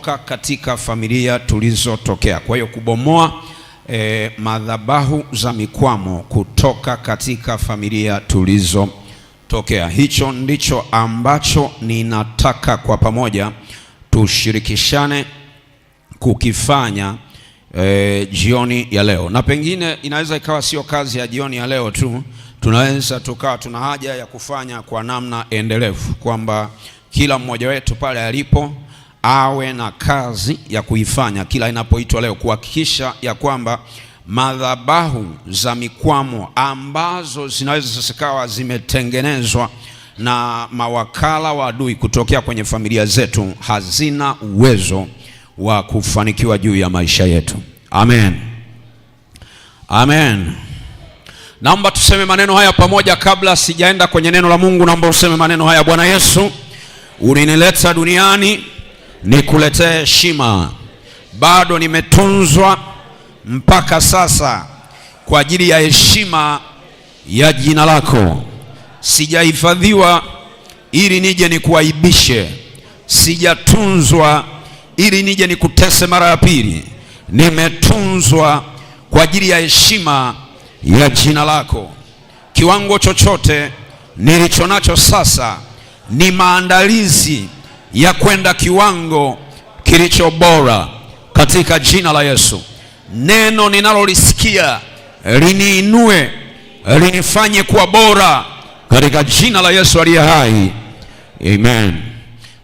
kutoka katika familia tulizotokea. Kwa hiyo kubomoa e, madhabahu za mikwamo kutoka katika familia tulizotokea, hicho ndicho ambacho ninataka kwa pamoja tushirikishane kukifanya e, jioni ya leo, na pengine inaweza ikawa sio kazi ya jioni ya leo tu, tunaweza tukawa tuna haja ya kufanya kwa namna endelevu, kwamba kila mmoja wetu pale alipo awe na kazi ya kuifanya kila inapoitwa leo, kuhakikisha ya kwamba madhabahu za mikwamo ambazo zinaweza zikawa zimetengenezwa na mawakala wa adui kutokea kwenye familia zetu hazina uwezo wa kufanikiwa juu ya maisha yetu. Amen, amen. Naomba tuseme maneno haya pamoja. Kabla sijaenda kwenye neno la Mungu, naomba useme maneno haya: Bwana Yesu, uninileta duniani nikuletee heshima. Bado nimetunzwa mpaka sasa kwa ajili ya heshima ya jina lako. Sijahifadhiwa ili nije nikuaibishe, sijatunzwa ili nije nikutese mara ya pili. Nimetunzwa kwa ajili ya heshima ya jina lako. Kiwango chochote nilichonacho sasa ni maandalizi ya kwenda kiwango kilicho bora katika jina la Yesu. Neno ninalolisikia liniinue, linifanye kuwa bora katika jina la Yesu aliye hai, amen.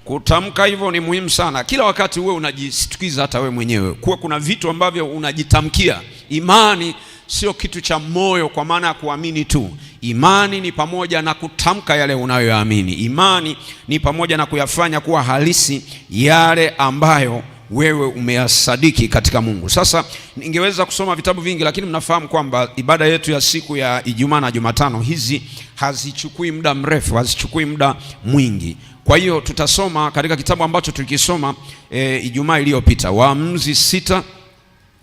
Kutamka hivyo ni muhimu sana. Kila wakati wewe unajisitukiza, hata wewe mwenyewe kuwa kuna vitu ambavyo unajitamkia imani sio kitu cha moyo kwa maana ya kuamini tu. Imani ni pamoja na kutamka yale unayoyaamini. Imani ni pamoja na kuyafanya kuwa halisi yale ambayo wewe umeyasadiki katika Mungu. Sasa ningeweza kusoma vitabu vingi, lakini mnafahamu kwamba ibada yetu ya siku ya Ijumaa na Jumatano hizi hazichukui muda mrefu, hazichukui muda mwingi. Kwa hiyo tutasoma katika kitabu ambacho tulikisoma e, Ijumaa iliyopita Waamuzi sita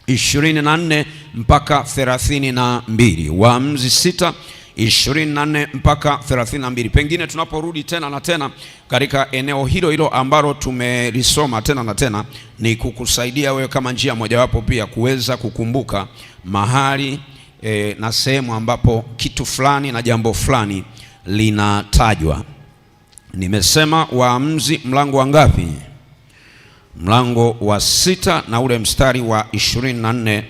24 mpaka 32, Waamuzi sita 24 mpaka 32. Pengine tunaporudi tena na tena katika eneo hilo hilo ambalo tumelisoma tena na tena, ni kukusaidia wewe kama njia mojawapo pia kuweza kukumbuka mahali e, na sehemu ambapo kitu fulani na jambo fulani linatajwa. Nimesema Waamuzi mlango wa ngapi? mlango wa sita na ule mstari wa ishirini na nne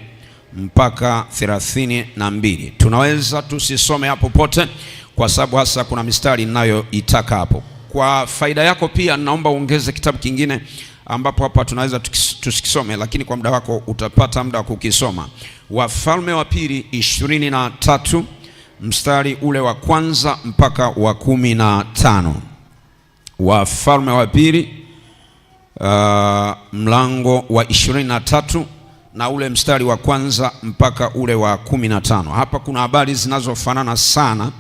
mpaka thelathini na mbili. Tunaweza tusisome hapo pote, kwa sababu hasa kuna mistari inayoitaka hapo. Kwa faida yako pia naomba uongeze kitabu kingine ambapo hapa tunaweza tusikisome, lakini kwa muda wako utapata muda wa kukisoma. Wafalme wa Pili ishirini na tatu mstari ule wa kwanza mpaka wa kumi na tano. Wafalme wa Pili uh, mlango wa ishirini na tatu na ule mstari wa kwanza mpaka ule wa kumi na tano. Hapa kuna habari zinazofanana sana.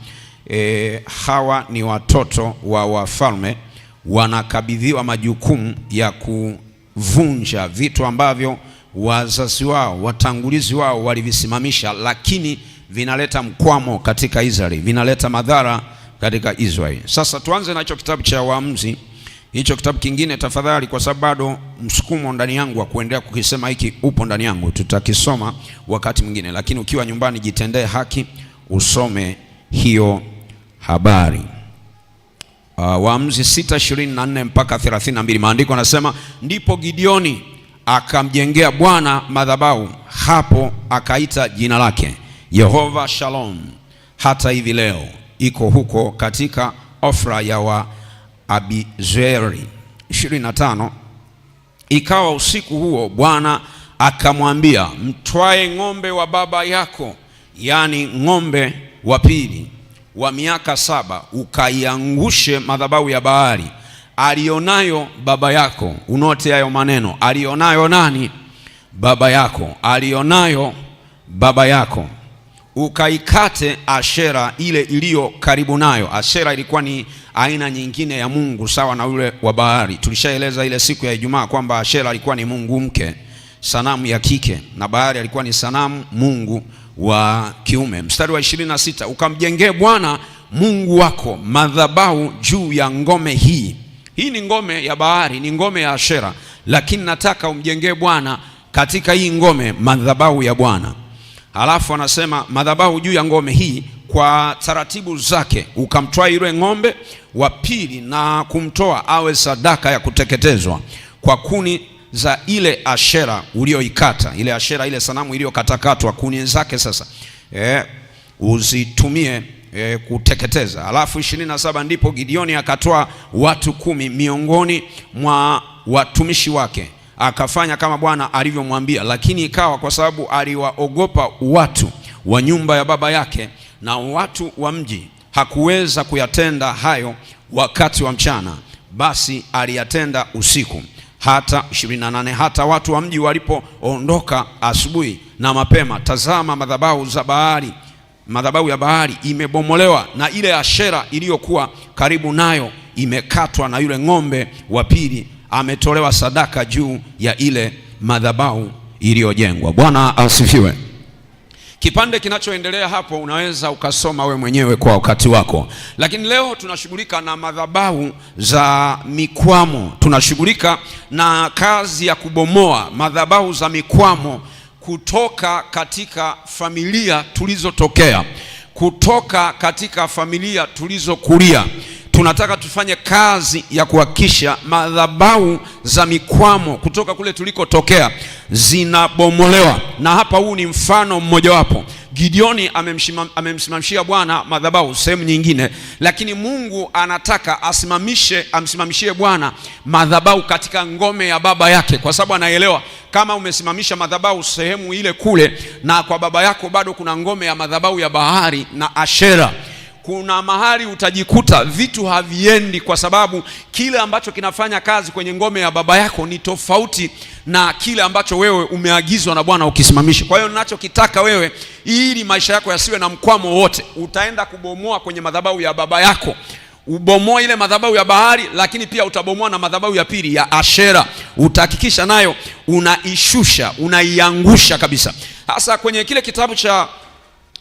E, hawa ni watoto wa wafalme wanakabidhiwa majukumu ya kuvunja vitu ambavyo wazazi wao watangulizi wao walivisimamisha, lakini vinaleta mkwamo katika Israeli, vinaleta madhara katika Israeli. Sasa tuanze nacho kitabu cha Waamuzi hicho kitabu kingine tafadhali, kwa sababu bado msukumo ndani yangu wa kuendelea kukisema hiki upo ndani yangu, tutakisoma wakati mwingine, lakini ukiwa nyumbani jitendee haki usome hiyo habari. Uh, Waamuzi 6:24 mpaka 32, maandiko anasema, ndipo Gideoni akamjengea Bwana madhabahu hapo, akaita jina lake Yehova Shalom, hata hivi leo iko huko katika Ofra ya wa Abizeri. 25 Ikawa usiku huo Bwana akamwambia, mtwae ng'ombe wa baba yako, yaani ng'ombe wa pili wa miaka saba, ukaiangushe madhabahu ya Baali alionayo baba yako. Unote hayo maneno, alionayo nani? Baba yako, alionayo baba yako ukaikate ashera ile iliyo karibu nayo. Ashera ilikuwa ni aina nyingine ya mungu sawa na ule wa bahari. Tulishaeleza ile siku ya Ijumaa kwamba ashera alikuwa ni mungu mke, sanamu ya kike, na bahari alikuwa ni sanamu mungu wa kiume. Mstari wa ishirini na sita ukamjengee Bwana Mungu wako madhabahu juu ya ngome hii. Hii ni ngome ya bahari, ni ngome ya Ashera, lakini nataka umjengee Bwana katika hii ngome madhabahu ya Bwana alafu anasema madhabahu juu ya ngome hii kwa taratibu zake, ukamtoa yule ng'ombe wa pili na kumtoa awe sadaka ya kuteketezwa kwa kuni za ile ashera ulioikata, ile ashera, ile sanamu iliyokatakatwa, kuni zake sasa e, uzitumie e, kuteketeza. Alafu ishirini na saba ndipo Gideoni akatoa watu kumi miongoni mwa watumishi wake akafanya kama Bwana alivyomwambia, lakini ikawa kwa sababu aliwaogopa watu wa nyumba ya baba yake na watu wa mji, hakuweza kuyatenda hayo wakati wa mchana, basi aliyatenda usiku. Hata 28 hata watu wa mji walipoondoka asubuhi na mapema, tazama, madhabahu za Baali, madhabahu ya Baali imebomolewa na ile Ashera iliyokuwa karibu nayo imekatwa na yule ng'ombe wa pili ametolewa sadaka juu ya ile madhabahu iliyojengwa. Bwana asifiwe. Kipande kinachoendelea hapo unaweza ukasoma we mwenyewe kwa wakati wako, lakini leo tunashughulika na madhabahu za mikwamo. Tunashughulika na kazi ya kubomoa madhabahu za mikwamo kutoka katika familia tulizotokea, kutoka katika familia tulizokulia tunataka tufanye kazi ya kuhakikisha madhabahu za mikwamo kutoka kule tulikotokea zinabomolewa, na hapa huu ni mfano mmojawapo. Gideoni amemsimamishia Bwana madhabahu sehemu nyingine, lakini Mungu anataka asimamishe amsimamishie Bwana madhabahu katika ngome ya baba yake, kwa sababu anaelewa kama umesimamisha madhabahu sehemu ile kule, na kwa baba yako bado kuna ngome ya madhabahu ya bahari na Ashera kuna mahali utajikuta vitu haviendi, kwa sababu kile ambacho kinafanya kazi kwenye ngome ya baba yako ni tofauti na kile ambacho wewe umeagizwa na Bwana ukisimamisha. Kwa hiyo ninachokitaka wewe, ili maisha yako yasiwe na mkwamo wote, utaenda kubomoa kwenye madhabahu ya baba yako ubomoe ile madhabahu ya bahari, lakini pia utabomoa na madhabahu ya pili ya Ashera. Utahakikisha nayo unaishusha, unaiangusha kabisa. Hasa kwenye kile kitabu cha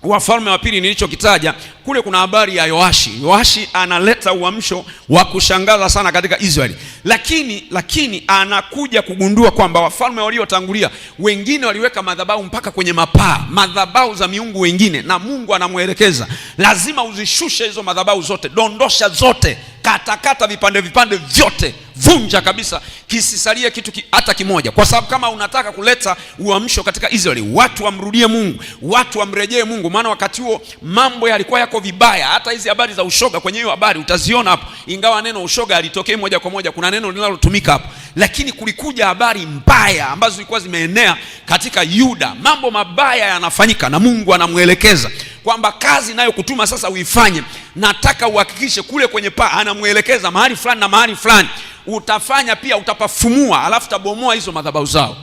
Wafalme wa Pili nilichokitaja, kule kuna habari ya Yoashi. Yoashi analeta uamsho wa kushangaza sana katika Israeli, lakini lakini anakuja kugundua kwamba wafalme waliotangulia wengine waliweka madhabahu mpaka kwenye mapaa, madhabahu za miungu wengine, na Mungu anamwelekeza lazima uzishushe hizo madhabahu zote, dondosha zote, katakata kata vipande vipande vyote, vunja kabisa, kisisalie kitu ki, hata kimoja, kwa sababu kama unataka kuleta uamsho katika Israeli, watu wamrudie Mungu, watu wamrejee Mungu, maana wakati huo mambo yalikuwa ya yako vibaya. Hata hizi habari za ushoga kwenye hiyo habari utaziona hapo, ingawa neno ushoga alitokee moja kwa moja, kuna neno linalotumika hapo, lakini kulikuja habari mbaya ambazo zilikuwa zimeenea katika Yuda. Mambo mabaya yanafanyika, na Mungu anamwelekeza kwamba kazi inayokutuma sasa uifanye, nataka uhakikishe kule kwenye paa, anamwelekeza mahali fulani na mahali fulani utafanya pia, utapafumua, alafu tabomoa hizo madhabahu zao.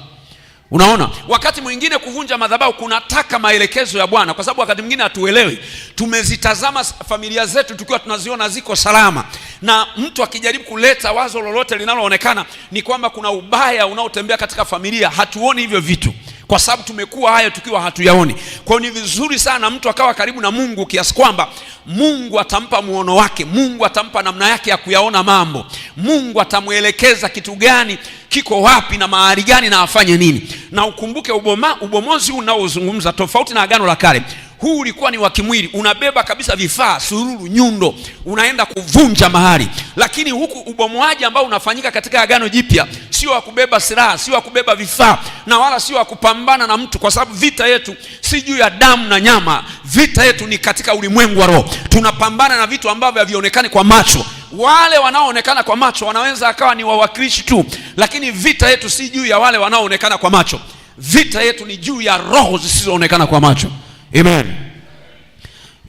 Unaona, wakati mwingine kuvunja madhabahu kunataka maelekezo ya Bwana, kwa sababu wakati mwingine hatuelewi. Tumezitazama familia zetu tukiwa tunaziona ziko salama, na mtu akijaribu kuleta wazo lolote linaloonekana ni kwamba kuna ubaya unaotembea katika familia, hatuoni hivyo vitu kwa sababu tumekuwa hayo tukiwa hatuyaoni. Kwa hiyo ni vizuri sana mtu akawa karibu na Mungu kiasi kwamba Mungu atampa muono wake, Mungu atampa namna yake ya kuyaona mambo, Mungu atamwelekeza kitu gani kiko wapi na mahali gani na afanye nini. Na ukumbuke uboma, ubomozi huu unaozungumza tofauti na Agano la Kale huu ulikuwa ni wa kimwili, unabeba kabisa vifaa, sururu, nyundo, unaenda kuvunja mahali. Lakini huku ubomoaji ambao unafanyika katika Agano Jipya sio wa kubeba silaha, sio wa kubeba vifaa, na wala sio wa kupambana na mtu, kwa sababu vita yetu si juu ya damu na nyama. Vita yetu ni katika ulimwengu wa roho. Tunapambana na vitu ambavyo havionekani kwa macho wale wanaoonekana kwa macho wanaweza akawa ni wawakilishi tu, lakini vita yetu si juu ya wale wanaoonekana kwa macho. Vita yetu ni juu ya roho zisizoonekana kwa macho. Amen.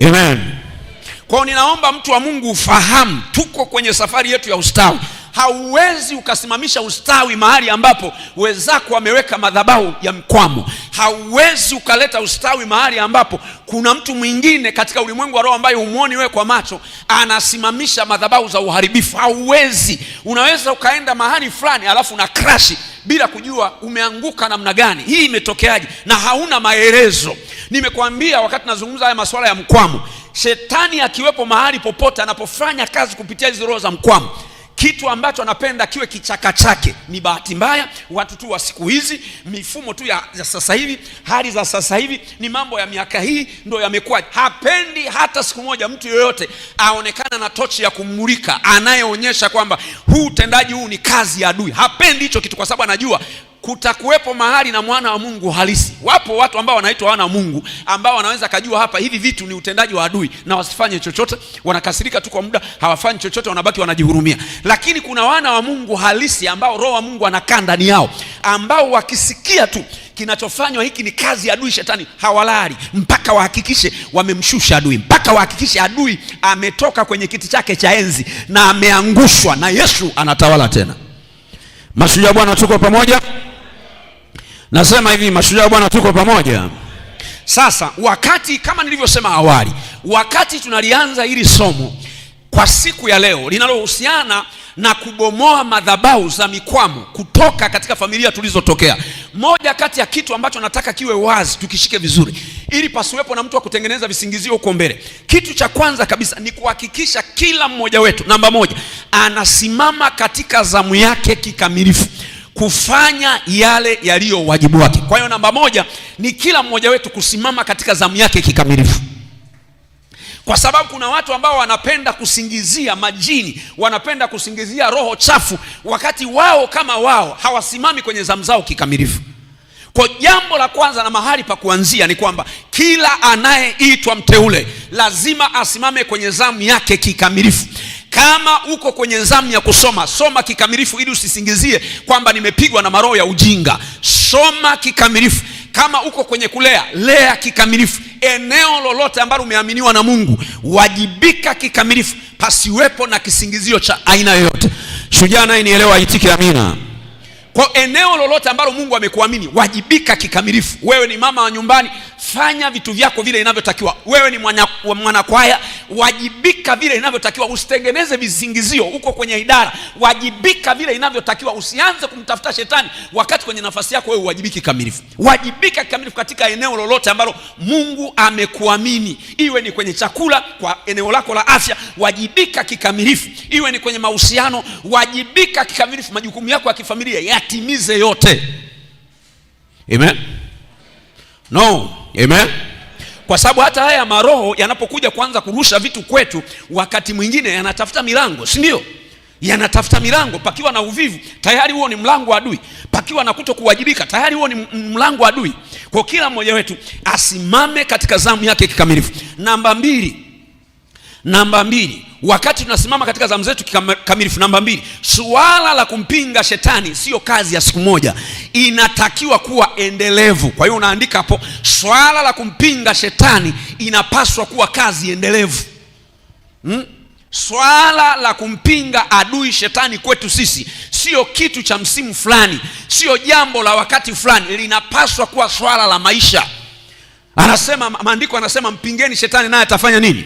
Amen. Kwao ninaomba mtu wa Mungu ufahamu, tuko kwenye safari yetu ya ustawi. Hauwezi ukasimamisha ustawi mahali ambapo wenzako wameweka madhabahu ya mkwamo. Hauwezi ukaleta ustawi mahali ambapo kuna mtu mwingine katika ulimwengu wa roho ambaye humwoni wewe kwa macho anasimamisha madhabahu za uharibifu. Hauwezi. Unaweza ukaenda mahali fulani alafu na crash bila kujua umeanguka namna gani, hii imetokeaje, na hauna maelezo. Nimekwambia wakati nazungumza haya masuala ya mkwamo, shetani akiwepo mahali popote, anapofanya kazi kupitia hizo roho za mkwamo kitu ambacho anapenda kiwe kichaka chake. Ni bahati mbaya, watu tu wa siku hizi, mifumo tu ya, ya sasa hivi, hali za sasa hivi, ni mambo ya miaka hii ndo yamekuwa. Hapendi hata siku moja mtu yoyote aonekana na tochi ya kumulika, anayeonyesha kwamba huu utendaji huu ni kazi ya adui. Hapendi hicho kitu, kwa sababu anajua kutakuwepo mahali na mwana wa Mungu halisi. Wapo watu ambao wanaitwa wana wa Mungu ambao wanaweza kajua hapa hivi vitu ni utendaji wa adui na wasifanye chochote, wanakasirika tu kwa muda, hawafanyi chochote, wanabaki wanajihurumia. Lakini kuna wana wa Mungu halisi ambao roho wa Mungu anakaa ndani yao, ambao wakisikia tu kinachofanywa hiki ni kazi ya adui shetani, hawalali mpaka wahakikishe wamemshusha adui, mpaka wahakikishe adui ametoka kwenye kiti chake cha enzi na ameangushwa na Yesu anatawala tena. Mashujaa Bwana, tuko pamoja. Nasema hivi mashujaa, bwana, tuko pamoja. Sasa wakati kama nilivyosema awali, wakati tunalianza hili somo kwa siku ya leo linalohusiana na kubomoa madhabahu za mikwamo kutoka katika familia tulizotokea, moja kati ya kitu ambacho nataka kiwe wazi, tukishike vizuri, ili pasiwepo na mtu wa kutengeneza visingizio huko mbele. Kitu cha kwanza kabisa ni kuhakikisha kila mmoja wetu, namba moja, anasimama katika zamu yake kikamilifu kufanya yale yaliyo wajibu wake. Kwa hiyo namba moja ni kila mmoja wetu kusimama katika zamu yake kikamilifu, kwa sababu kuna watu ambao wanapenda kusingizia majini, wanapenda kusingizia roho chafu, wakati wao kama wao hawasimami kwenye zamu zao kikamilifu. Kwa jambo la kwanza na mahali pa kuanzia ni kwamba kila anayeitwa mteule lazima asimame kwenye zamu yake kikamilifu. Kama uko kwenye zamu ya kusoma, soma kikamilifu, ili usisingizie kwamba nimepigwa na maroho ya ujinga. Soma kikamilifu. Kama uko kwenye kulea, lea kikamilifu. Eneo lolote ambalo umeaminiwa na Mungu, wajibika kikamilifu, pasiwepo na kisingizio cha aina yoyote. Shujaa naye nielewa, aitike amina. Kwa eneo lolote ambalo Mungu amekuamini, wajibika kikamilifu. Wewe ni mama wa nyumbani, fanya vitu vyako vile inavyotakiwa. Wewe ni mwanakwaya, wajibika vile inavyotakiwa, usitengeneze vizingizio huko kwenye idara, wajibika vile inavyotakiwa, usianze kumtafuta shetani wakati kwenye nafasi yako wewe uwajibiki kamilifu. Wajibika kikamilifu katika eneo lolote ambalo Mungu amekuamini, iwe ni kwenye chakula, kwa eneo lako la afya, wajibika kikamilifu, iwe ni kwenye mahusiano, wajibika kikamilifu. Majukumu yako ya kifamilia yatimize yote. Amen. No. Amen. Kwa sababu hata haya maroho yanapokuja kuanza kurusha vitu kwetu, wakati mwingine yanatafuta milango, si ndio? Yanatafuta milango. Pakiwa na uvivu, tayari huo ni mlango wa adui. Pakiwa na kuto kuwajibika, tayari huo ni mlango wa adui. Kwa kila mmoja wetu asimame katika zamu yake kikamilifu. Namba mbili Namba mbili, wakati tunasimama katika zamu zetu kikamilifu, namba mbili, suala la kumpinga shetani siyo kazi ya siku moja, inatakiwa kuwa endelevu. Kwa hiyo unaandika hapo, swala la kumpinga shetani inapaswa kuwa kazi endelevu hmm? Swala la kumpinga adui shetani kwetu sisi sio kitu cha msimu fulani, sio jambo la wakati fulani, linapaswa kuwa swala la maisha. Anasema maandiko, anasema mpingeni shetani naye atafanya nini?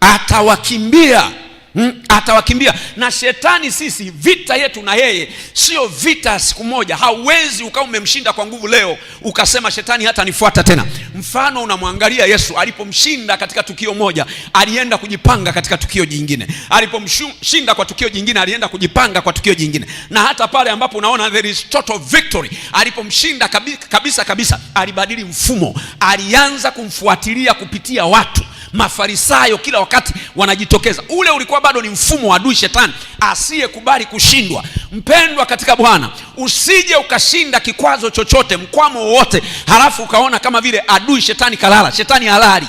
atawakimbia Hmm, atawakimbia na shetani. Sisi vita yetu na yeye sio vita siku moja. Hauwezi ukawa umemshinda kwa nguvu leo ukasema shetani hata nifuata tena. Mfano, unamwangalia Yesu alipomshinda katika tukio moja, alienda kujipanga katika tukio jingine, alipomshinda kwa tukio jingine, alienda kujipanga kwa tukio jingine, na hata pale ambapo unaona there is total victory, alipomshinda kabisa kabisa kabisa, alibadili mfumo, alianza kumfuatilia kupitia watu Mafarisayo kila wakati wanajitokeza. Ule ulikuwa bado ni mfumo wa adui shetani asiyekubali kushindwa. Mpendwa katika Bwana, usije ukashinda kikwazo chochote, mkwamo wowote, halafu ukaona kama vile adui shetani kalala. Shetani halali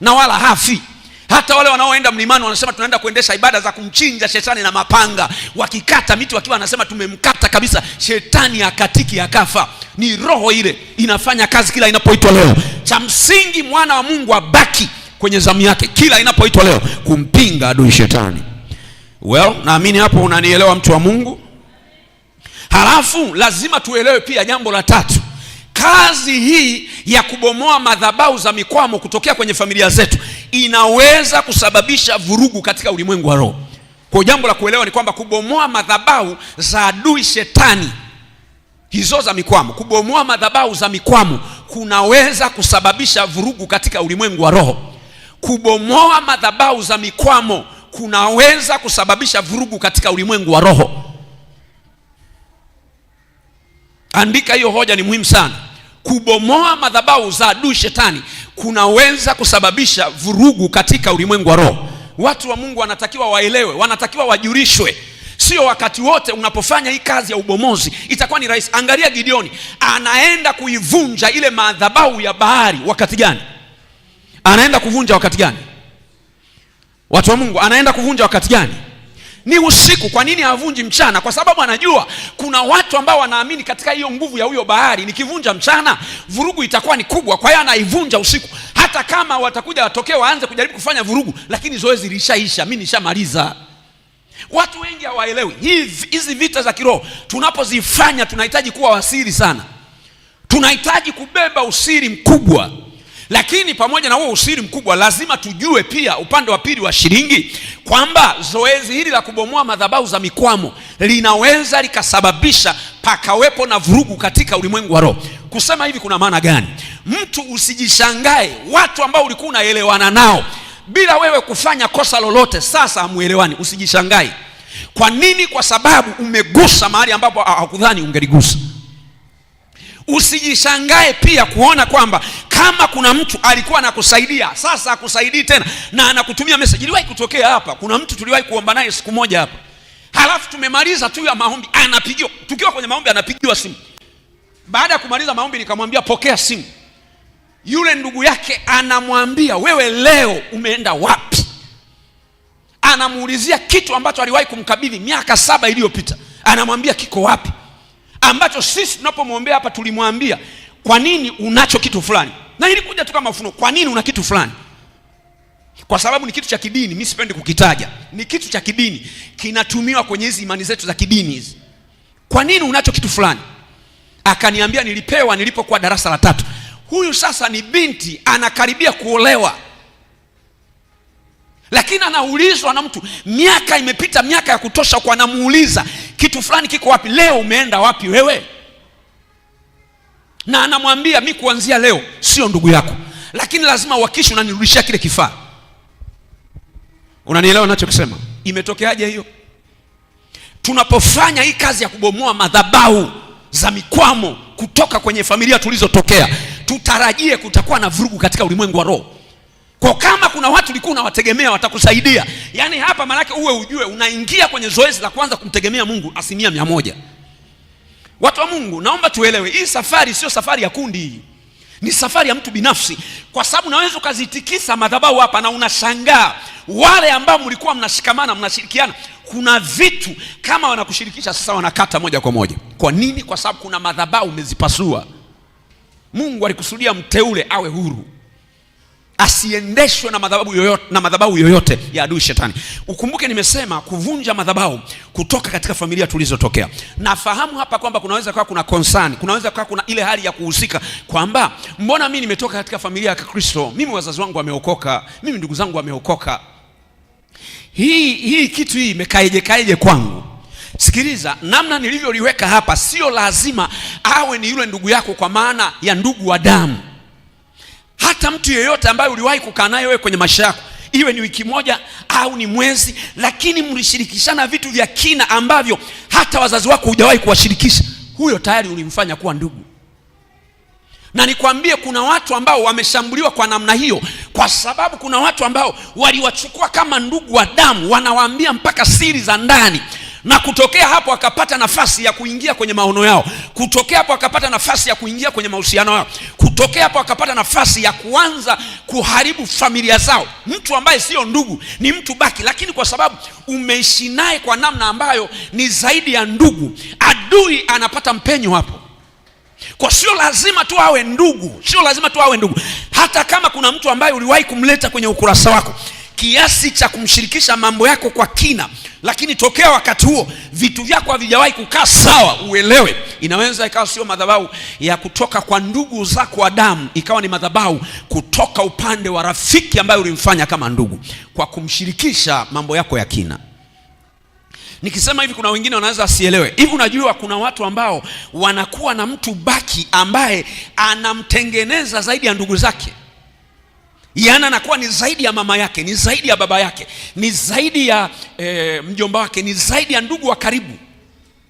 na wala hafi. Hata wale wanaoenda mlimani wanasema tunaenda kuendesha ibada za kumchinja shetani na mapanga, wakikata miti wakiwa wanasema tumemkata kabisa. Shetani akatiki akafa. Ni roho ile inafanya kazi kila inapoitwa leo. Cha msingi mwana wa Mungu abaki kwenye zamu yake kila inapoitwa leo kumpinga adui shetani. Well, naamini hapo unanielewa mtu wa Mungu. Halafu lazima tuelewe pia jambo la tatu, kazi hii ya kubomoa madhabahu za mikwamo kutokea kwenye familia zetu inaweza kusababisha vurugu katika ulimwengu wa roho. Kwa jambo la kuelewa ni kwamba kubomoa madhabahu za adui shetani hizo za mikwamo, kubomoa madhabahu za mikwamo kunaweza kusababisha vurugu katika ulimwengu wa roho kubomoa madhabahu za mikwamo kunaweza kusababisha vurugu katika ulimwengu wa roho. Andika hiyo hoja, ni muhimu sana. Kubomoa madhabahu za adui shetani kunaweza kusababisha vurugu katika ulimwengu wa roho. Watu wa Mungu wanatakiwa waelewe, wanatakiwa wajulishwe. Sio wakati wote unapofanya hii kazi ya ubomozi itakuwa ni rahisi. Angalia Gideoni anaenda kuivunja ile madhabahu ya bahari wakati gani? anaenda kuvunja wakati gani? Watu wa Mungu, anaenda kuvunja wakati gani? Ni usiku. Kwa nini havunji mchana? Kwa sababu anajua kuna watu ambao wanaamini katika hiyo nguvu ya huyo bahari, nikivunja mchana vurugu itakuwa ni kubwa, kwa hiyo anaivunja usiku. Hata kama watakuja watokee waanze kujaribu kufanya vurugu, lakini zoezi lishaisha, mimi nishamaliza. Watu wengi hawaelewi hizi vita za kiroho. Tunapozifanya tunahitaji kuwa wasiri sana, tunahitaji kubeba usiri mkubwa. Lakini pamoja na huo usiri mkubwa, lazima tujue pia upande wa pili wa shilingi kwamba zoezi hili la kubomoa madhabahu za mikwamo linaweza likasababisha pakawepo na vurugu katika ulimwengu wa roho. Kusema hivi kuna maana gani? Mtu usijishangae, watu ambao ulikuwa unaelewana nao bila wewe kufanya kosa lolote, sasa hamuelewani. Usijishangae. Kwa nini? Kwa sababu umegusa mahali ambapo hakudhani ungeligusa. Usijishangae pia kuona kwamba kama kuna mtu alikuwa anakusaidia sasa akusaidii tena na anakutumia message. Iliwahi kutokea hapa, kuna mtu tuliwahi kuomba naye siku moja hapa, halafu tumemaliza tu ya maombi, anapigiwa tukiwa kwenye maombi, anapigiwa simu. Baada ya kumaliza maombi, nikamwambia pokea simu. Yule ndugu yake anamwambia wewe, leo umeenda wapi? Anamuulizia kitu ambacho aliwahi kumkabidhi miaka saba iliyopita, anamwambia kiko wapi, ambacho sisi tunapomwombea hapa tulimwambia kwa nini unacho kitu fulani na ilikuja tu kama ufunuo. Kwa nini una kitu fulani? Kwa sababu ni kitu cha kidini. Mimi sipendi kukitaja, ni kitu cha kidini, kinatumiwa kwenye hizi imani zetu za kidini hizi. Kwa nini unacho kitu fulani? Akaniambia nilipewa nilipokuwa darasa la tatu. Huyu sasa ni binti anakaribia kuolewa, lakini anaulizwa na mtu, miaka imepita, miaka ya kutosha, kwa anamuuliza kitu fulani kiko wapi? Leo umeenda wapi wewe? na anamwambia mi kuanzia leo sio ndugu yako, lakini lazima uhakishi unanirudishia kile kifaa. Unanielewa nachokisema? Imetokeaje hiyo? Tunapofanya hii kazi ya kubomoa madhabahu za mikwamo kutoka kwenye familia tulizotokea, tutarajie kutakuwa na vurugu katika ulimwengu wa roho. Kwa kama kuna watu ulikuwa unawategemea watakusaidia, yaani hapa, maanake uwe ujue unaingia kwenye zoezi la kwanza kumtegemea Mungu asilimia mia moja. Watu wa Mungu, naomba tuelewe, hii safari sio safari ya kundi, hii ni safari ya mtu binafsi, kwa sababu naweza ukazitikisa madhabahu hapa na unashangaa wale ambao mlikuwa mnashikamana mnashirikiana, kuna vitu kama wanakushirikisha sasa wanakata moja kwa moja. Kwa nini? Kwa sababu kuna madhabahu umezipasua. Mungu alikusudia mteule awe huru asiendeshwe na madhabahu yoyote, na madhabahu yoyote ya adui shetani. Ukumbuke nimesema kuvunja madhabahu kutoka katika familia tulizotokea. Nafahamu hapa kwamba kunaweza kuwa kuna concern, kunaweza kuwa kuna ile hali ya kuhusika kwamba mbona mimi nimetoka katika familia ya Kikristo, mimi wazazi wangu wameokoka, mimi ndugu zangu wameokoka, hii hii kitu hii imekaeje kaeje kwangu? Sikiliza, namna nilivyoliweka hapa, sio lazima awe ni yule ndugu yako, kwa maana ya ndugu wa damu hata mtu yeyote ambaye uliwahi kukaa naye wewe kwenye maisha yako, iwe ni wiki moja au ni mwezi, lakini mlishirikishana vitu vya kina ambavyo hata wazazi wako hujawahi kuwashirikisha, huyo tayari ulimfanya kuwa ndugu. Na nikwambie kuna watu ambao wameshambuliwa kwa namna hiyo, kwa sababu kuna watu ambao waliwachukua kama ndugu wa damu, wanawaambia mpaka siri za ndani na kutokea hapo akapata nafasi ya kuingia kwenye maono yao, kutokea hapo akapata nafasi ya kuingia kwenye mahusiano yao, kutokea hapo akapata nafasi ya kuanza kuharibu familia zao. Mtu ambaye sio ndugu ni mtu baki, lakini kwa sababu umeishi naye kwa namna ambayo ni zaidi ya ndugu, adui anapata mpenyo hapo. Kwa sio lazima tu awe ndugu, sio lazima tu awe ndugu, hata kama kuna mtu ambaye uliwahi kumleta kwenye ukurasa wako kiasi cha kumshirikisha mambo yako kwa kina, lakini tokea wakati huo vitu vyako havijawahi kukaa sawa. Uelewe, inaweza ikawa sio madhabahu ya kutoka kwa ndugu zako wa damu, ikawa ni madhabahu kutoka upande wa rafiki ambaye ulimfanya kama ndugu, kwa kumshirikisha mambo yako ya kina. Nikisema hivi kuna wengine wanaweza asielewe. Hivi unajua kuna watu ambao wanakuwa na mtu baki ambaye anamtengeneza zaidi ya ndugu zake. Yana anakuwa ni zaidi ya mama yake, ni zaidi ya baba yake, ni zaidi ya e, mjomba wake, ni zaidi ya ndugu wa karibu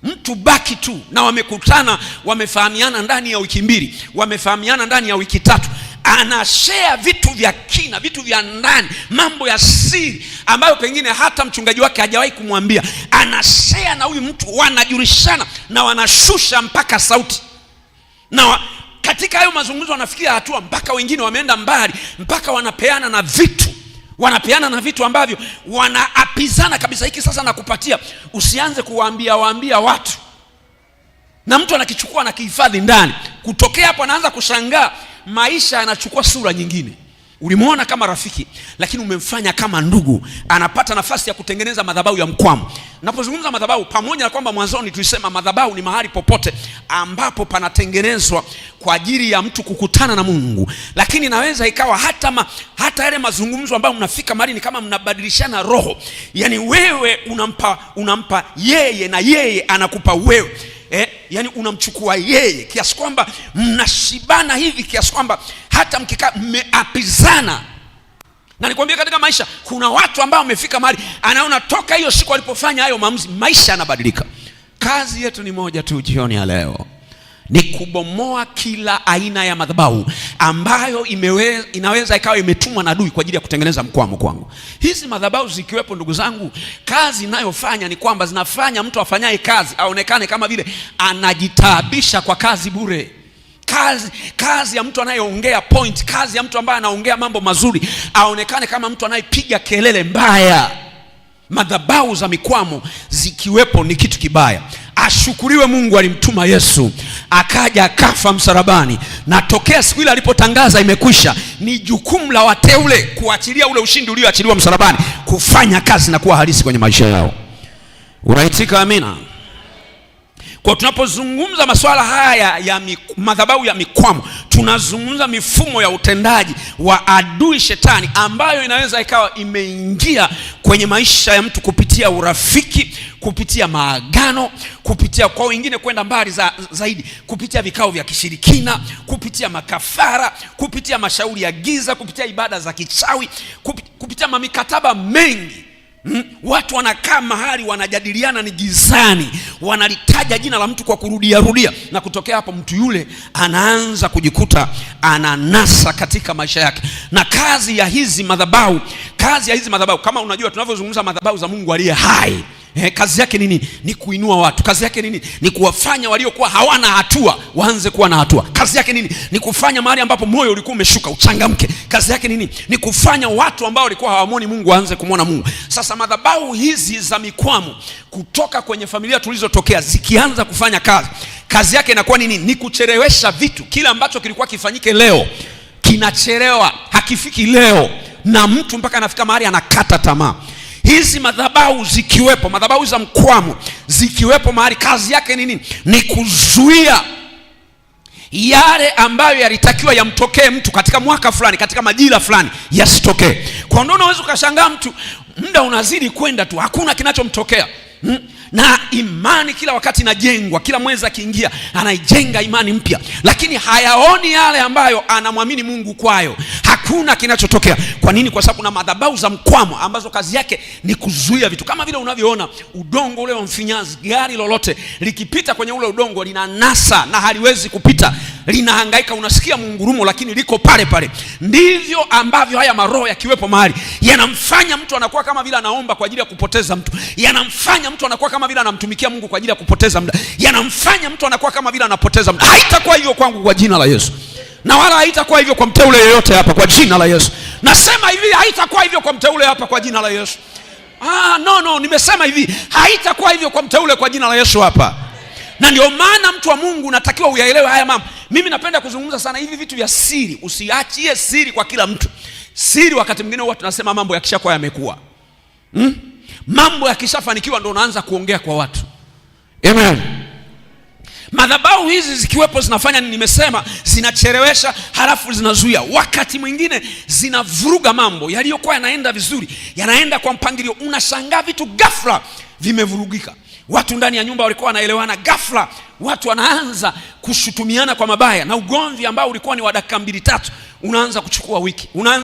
mtu baki tu na wamekutana, wamefahamiana ndani ya wiki mbili, wamefahamiana ndani ya wiki tatu, anashea vitu vya kina, vitu vya ndani, mambo ya siri ambayo pengine hata mchungaji wake hajawahi kumwambia. Anashea na huyu mtu, wanajulishana na wanashusha mpaka sauti na wa, katika hayo mazungumzo wanafikia hatua mpaka wengine wameenda mbali mpaka wanapeana na vitu wanapeana na vitu ambavyo wanaapizana kabisa, hiki sasa nakupatia, usianze kuwaambia waambia watu, na mtu anakichukua na kihifadhi ndani. Kutokea hapo anaanza kushangaa, maisha yanachukua sura nyingine. Ulimwona kama rafiki lakini umemfanya kama ndugu, anapata nafasi ya kutengeneza madhabahu ya mkwamo. Napozungumza madhabahu, pamoja na kwamba mwanzoni tulisema madhabahu ni mahali popote ambapo panatengenezwa kwa ajili ya mtu kukutana na Mungu, lakini naweza ikawa hata ma, hata yale mazungumzo ambayo mnafika mahali ni kama mnabadilishana roho, yaani wewe unampa unampa yeye na yeye anakupa wewe eh, yani unamchukua yeye kiasi kwamba mnashibana hivi kiasi kwamba hata mkikaa mmeapizana. Na nikwambia katika maisha kuna watu ambao wamefika mahali anaona toka hiyo siku alipofanya hayo maamuzi maisha yanabadilika. Kazi yetu ni moja tu jioni ya leo ni kubomoa kila aina ya madhabahu ambayo imewe, inaweza ikawa imetumwa na adui kwa ajili ya kutengeneza mkwamo kwangu. Hizi madhabahu zikiwepo, ndugu zangu, kazi inayofanya ni kwamba zinafanya mtu afanyaye kazi aonekane kama vile anajitaabisha kwa kazi bure. Kazi, kazi ya mtu anayeongea point, kazi ya mtu ambaye anaongea mambo mazuri aonekane kama mtu anayepiga kelele mbaya. Madhabahu za mikwamo zikiwepo ni kitu kibaya. Ashukuriwe Mungu alimtuma Yesu akaja akafa msalabani, na tokea siku ile alipotangaza imekwisha, ni jukumu la wateule kuachilia ule ushindi ulioachiliwa msalabani kufanya kazi na kuwa halisi kwenye maisha yao. Unaitika amina? Kwa tunapozungumza masuala haya ya madhabahu ya mikwamo, tunazungumza mifumo ya utendaji wa adui shetani ambayo inaweza ikawa imeingia kwenye maisha ya mtu kupitia urafiki, kupitia maagano, kupitia kwa wengine kwenda mbali za, zaidi kupitia vikao vya kishirikina, kupitia makafara, kupitia mashauri ya giza, kupitia ibada za kichawi, kupitia mamikataba mengi Hmm? watu wanakaa mahali wanajadiliana, ni gizani, wanalitaja jina la mtu kwa kurudia rudia, na kutokea hapo mtu yule anaanza kujikuta ananasa katika maisha yake. Na kazi ya hizi madhabahu, kazi ya hizi madhabahu, kama unajua tunavyozungumza madhabahu za Mungu aliye hai Eh, kazi yake nini? Ni kuinua watu. Kazi yake nini? Ni kuwafanya waliokuwa hawana hatua waanze kuwa na hatua. Kazi yake nini? Ni kufanya mahali ambapo moyo ulikuwa umeshuka uchangamke. Kazi yake nini? Ni kufanya watu ambao walikuwa hawamoni Mungu waanze kumwona Mungu. Sasa madhabahu hizi za mikwamo kutoka kwenye familia tulizotokea zikianza kufanya kazi, kazi yake inakuwa nini? Ni kuchelewesha vitu. Kila ambacho kilikuwa kifanyike leo kinachelewa, hakifiki leo, na mtu mpaka anafika mahali anakata tamaa hizi madhabahu zikiwepo, madhabahu za mkwamo zikiwepo mahali, kazi yake ni nini? Ni kuzuia yale ambayo yalitakiwa yamtokee mtu katika mwaka fulani, katika majira fulani, yasitokee. Kwa ndio unaweza ukashangaa mtu, muda unazidi kwenda tu, hakuna kinachomtokea hmm? na imani kila wakati inajengwa, kila mwezi akiingia anaijenga imani mpya, lakini hayaoni yale ambayo anamwamini Mungu kwayo hakuna kinachotokea. Kwa nini? Kwa sababu kuna madhabahu za mkwamo ambazo kazi yake ni kuzuia vitu, kama vile unavyoona udongo ule wa mfinyanzi. Gari lolote likipita kwenye ule udongo lina nasa na haliwezi kupita, linahangaika, unasikia mungurumo, lakini liko pale pale. Ndivyo ambavyo haya maroho yakiwepo mahali yanamfanya mtu anakuwa kama vile anaomba kwa ajili ya kupoteza mtu, yanamfanya mtu anakuwa kama vile anamtumikia Mungu kwa ajili ya kupoteza muda, yanamfanya mtu anakuwa kama vile anapoteza muda. Haitakuwa hivyo kwangu kwa jina la Yesu na wala haitakuwa hivyo kwa mteule yoyote hapa kwa jina la Yesu. Nasema hivi, haitakuwa hivyo kwa mteule hapa kwa jina la Yesu. Ah, no, no, nimesema hivi, haitakuwa hivyo kwa mteule kwa jina la Yesu hapa. Na ndio maana mtu wa Mungu natakiwa uyaelewe haya mama. Mimi napenda kuzungumza sana hivi vitu vya siri, usiachie siri kwa kila mtu. Siri wakati mwingine huwa tunasema mambo yakishakuwa yamekuwa, hmm? mambo yakishafanikiwa ndio unaanza kuongea kwa watu Amen. Madhabahu hizi zikiwepo zinafanya nimesema, zinachelewesha halafu zinazuia, wakati mwingine zinavuruga mambo yaliyokuwa yanaenda vizuri, yanaenda kwa mpangilio. Unashangaa vitu ghafla vimevurugika. Watu ndani ya nyumba walikuwa wanaelewana, ghafla watu wanaanza kushutumiana kwa mabaya, na ugomvi ambao ulikuwa ni wa dakika mbili tatu unaanza kuchukua wiki unaanza